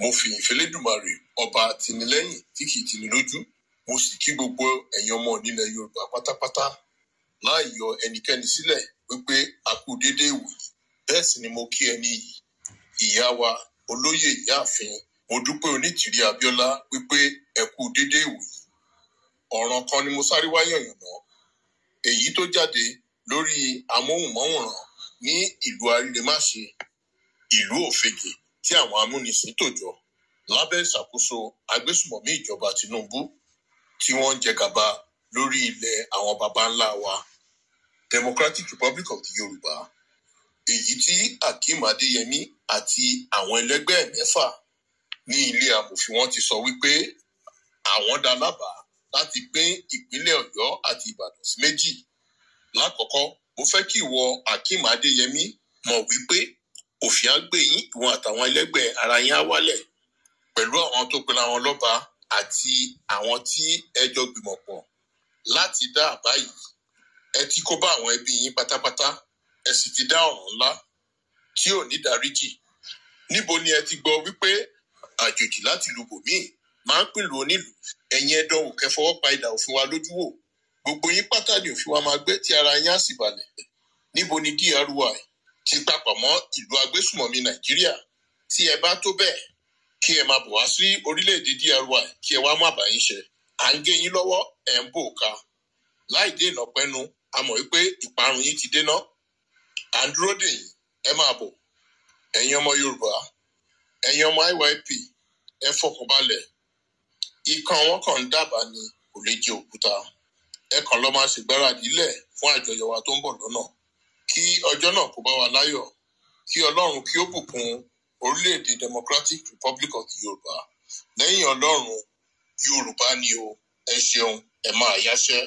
mo fi ìfẹ́lẹ́dùmarè ọba tinilẹ́yìn tí kì í tini lójú mo sì kí gbogbo ẹ̀yin ọmọ nílẹ̀ yorùbá pátápátá láì yọ ẹnikẹ́ni sílẹ̀ wípé a kú dédé ìwò bẹ́ẹ̀ sì ni mo kí ẹni yìí ìyá wa olóyè ìyáàfin mo dúpẹ́ onítìrí abíọ́lá wípé ẹ kú dédé ìwò ọ̀ràn kan ni mo sáré wá yànyàn náà èyí tó jáde lórí amóhùnmáwòrán ní ìlú àrírèmáṣe ìlú òfegè tí àwọn amúnisìn tò jọ lábẹ́ ìṣàkóso agbésùmọ̀mí ìjọba Tinubu tí wọ́n ń jẹ gàba lórí ilẹ̀ àwọn baba ńlá wa Democratic Republic of the Yorùbá èyí tí Akeem Adéyẹmí àti àwọn ẹlẹgbẹ́ mẹ́fà ní ilé amòfin wọn ti sọ wípé àwọn dá lábàá láti pín ìpínlẹ̀ Ọ̀yọ́ àti Ìbàdàn sí méjì lákọ̀ọ́kọ́ mo fẹ́ kí ìwọ Akeem Adéyẹmí mọ̀ wípé òfìá gbé yín ìwọn àtàwọn ẹlẹgbẹ́ ara yín á wálẹ̀ pẹ̀lú àwọn tó pinnu àwọn lọ́ba àti àwọn tí ẹ jọ gbìmọ̀ pọ̀ láti dá àbá yìí ẹ ti kó bá àwọn ẹbí yín pátápátá ẹ sì ti dá ọ̀ràn ńlá tí ò ní dáríjì níbo ni ẹ ti gbọ́ wípé àjòjì láti lu bòmíì máa ń pìlú onílù ẹ̀yin ẹ̀dán òkè fọwọ́ pa idà òfin wa lójú wò gbogbo yín pátá ni òfin wa máa gbé tí ara yín á sì balẹ̀ níbo ni DRY ti papọ̀ mọ́ ìlú agbésùmọ̀mí nàìjíríà tí ẹ bá tó bẹ́ẹ̀ kí ẹ máa bọ̀ wá sí orílẹ̀-èdè dry kí ẹ wá má bàa yín ṣe à ń gé yín lọ́wọ́ ẹ̀ ń bò ká láì dènà pẹ́nu a mọ̀ wípé ìparun yín ti dènà à ń dúró dè yín ẹ máa bọ̀ ẹ̀yin ọmọ yorùbá ẹ̀yin ọmọ iyp ẹ fọkànbalẹ̀ ikán wọn kàn ń dábàá ni kò lè jẹ òkúta ẹ kàn lọ́ máa ṣègbáradì lẹ̀ fún àjọyọ̀ wa tó ń bọ̀ lọ́nà kí ọjọ́ náà kó bá wa láyọ̀ kí ọlọ́run kí ó bùkún orílẹ̀-èdè democratic republic of the yorùbá lẹ́yìn ọlọ́run yorùbá ni o ẹ ṣeun ẹ máa yáṣẹ́.